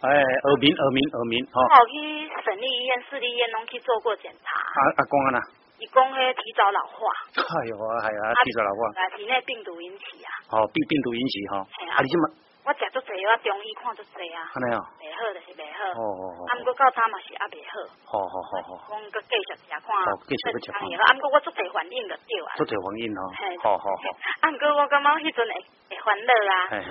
哎，耳鳴，耳鳴，耳鳴，哈、哦！我有去省立醫院、市立醫院攏去做過檢查。阿阿公啊，伊講遐提早老化。哎啊，還、哎、啊，提早老化。也是那病毒引起啊。哦，病病毒引起哈。嘿、哦，阿、啊啊、你今。我食足濟，我中醫看足濟啊。安尼哦。袂好就是袂好。哦哦、啊、哦。阿唔過到他嘛是阿袂好。好好好好。講閣繼續食看。繼、哦、續去食藥。阿唔過我出體反應對了對、哦哦哦哦、啊。出體反應哈。好好好。阿唔過我感覺迄陣會會煩惱啦。哎哎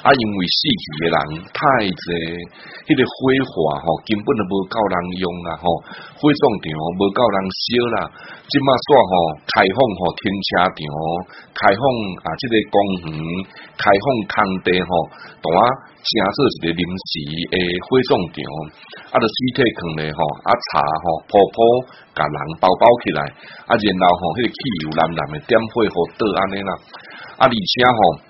啊，因為死去嘅人太濟，迄、那個火化吼、喔，根本都無夠人用啦吼、喔，火葬場無夠人燒啦。即擺煞吼，開放吼停車場，開放啊，即個公園，開放空地吼，懂啊？建設一個臨時嘅火葬場，啊，着屍體囥咧吼，啊，柴吼、喔啊喔，泡泡，泡，甲人包包起來，啊，然後吼，迄、喔那個汽油淋淋嘅點火，倒安尼啦，啊，而且吼。喔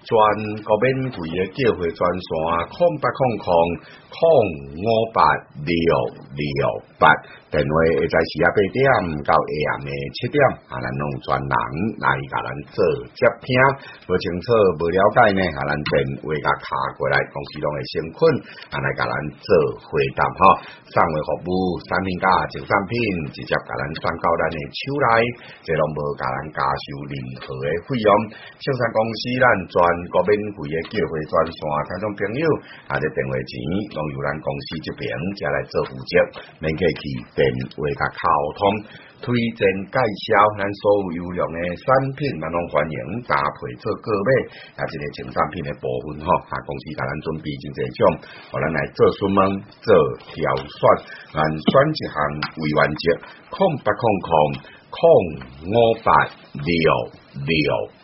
全國免費嘅叫去專線啊，空八空空空五八六六八，電話，會在時下八點到下暗的七點，哈，來弄專人來甲咱做接聽，不清楚不了解呢，哈，來電話甲敲過來，公司攏會先坤，哈，來甲咱做回答吼。三維服務產品甲商品，直接甲咱轉到咱嘅手內，即攏無甲咱加收任何嘅費用，青山公司咱轉。國賓會議嘅機會，聽眾朋友啊，即電話錢，攏由咱公司這邊再來做負責，每個月電話溝通、推薦、介紹咱所有優良嘅產品，萬能歡迎搭配做購買，啊，即、這個新產品嘅部分吼，啊，公司給咱準備就這種，我咱來做詢問、做挑選，咱選一項未完結，空八空空空，五八六了。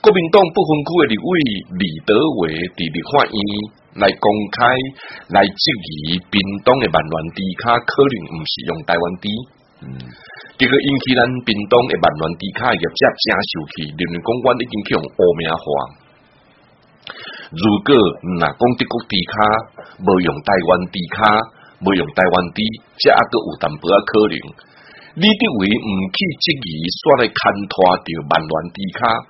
國民黨不分區的立委李德維佇哩發言來公開來質疑，屏東的萬巒豬跤可能唔是用台灣豬。嗯，這個引起咱屏東的萬巒豬跤的業者真受氣，民公安已經去用污名化。如果唔呐講德國豬跤，無用台灣豬跤，無用台灣豬，這個有淡薄可能。李德維唔去質疑，煞來牽拖到萬巒豬跤。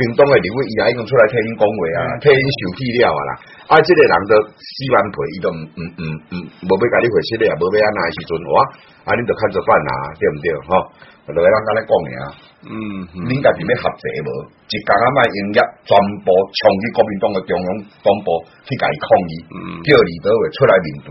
國民黨嘅領伊啊，已經出來替恁講話，替恁受氣了啊啦。啊，這類、個、人都死完陪，伊都唔唔唔唔，冇俾甲你回信咧，無要安那時陣話，啊，你都看着辦啊，對唔對？哈、哦，兩個咱講嘅啊，嗯，你家己要合作無？就剛剛賣音樂全部衝擊國民黨嘅中央黨部去甲伊抗議，叫李德偉出來面對。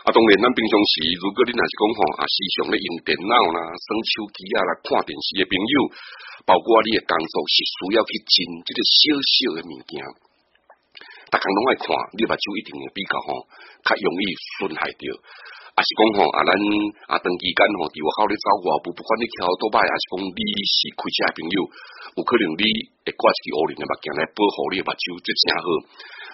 啊，當然，咱平常時，如果你若是講吼，啊，時常咧用電腦啦、耍手機啊、來看電視嘅朋友，包括你嘅工作是需要去進即個小小嘅物件，逐工攏愛看，你目睭一定會比較吼，較容易損害着啊，是講吼，啊咱啊，當期間吼，佇、啊、外口咧走顧，不不管你條倒歹，啊，啊是講你是開車嘅朋友，有可能你會掛起烏人嘅目鏡來保護你目睭，即正好。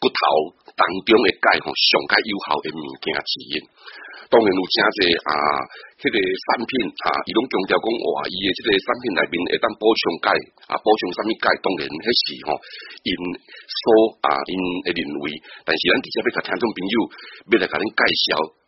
骨頭當中的鈣吼，上較有效嘅物件之一。當然有真濟啊，迄個產品啊，伊攏強調講哇，伊嘅即個產品內面會當補充鈣啊，補充啥物鈣，當然迄事吼。因、哦、所啊，因會認為，但是咱直接欲甲聽眾朋友，要來甲你介紹。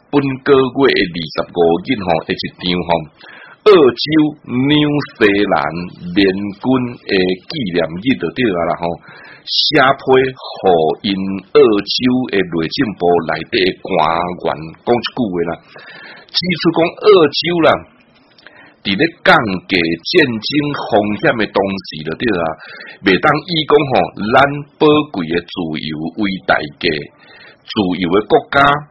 本個月二十五日吼，一張吼、哦，澳洲紐西蘭聯軍的紀念日就對啦吼。寫批互因澳洲的內政部內底的官員講一句話啦，指出講澳洲人，佇咧降低戰爭風險嘅同時就對啦，未當依講吼，咱寶貴嘅自由為大家自由嘅國家。